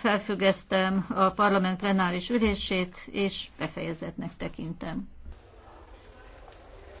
felfüggesztem a parlament plenáris ülését, és befejezetnek tekintem.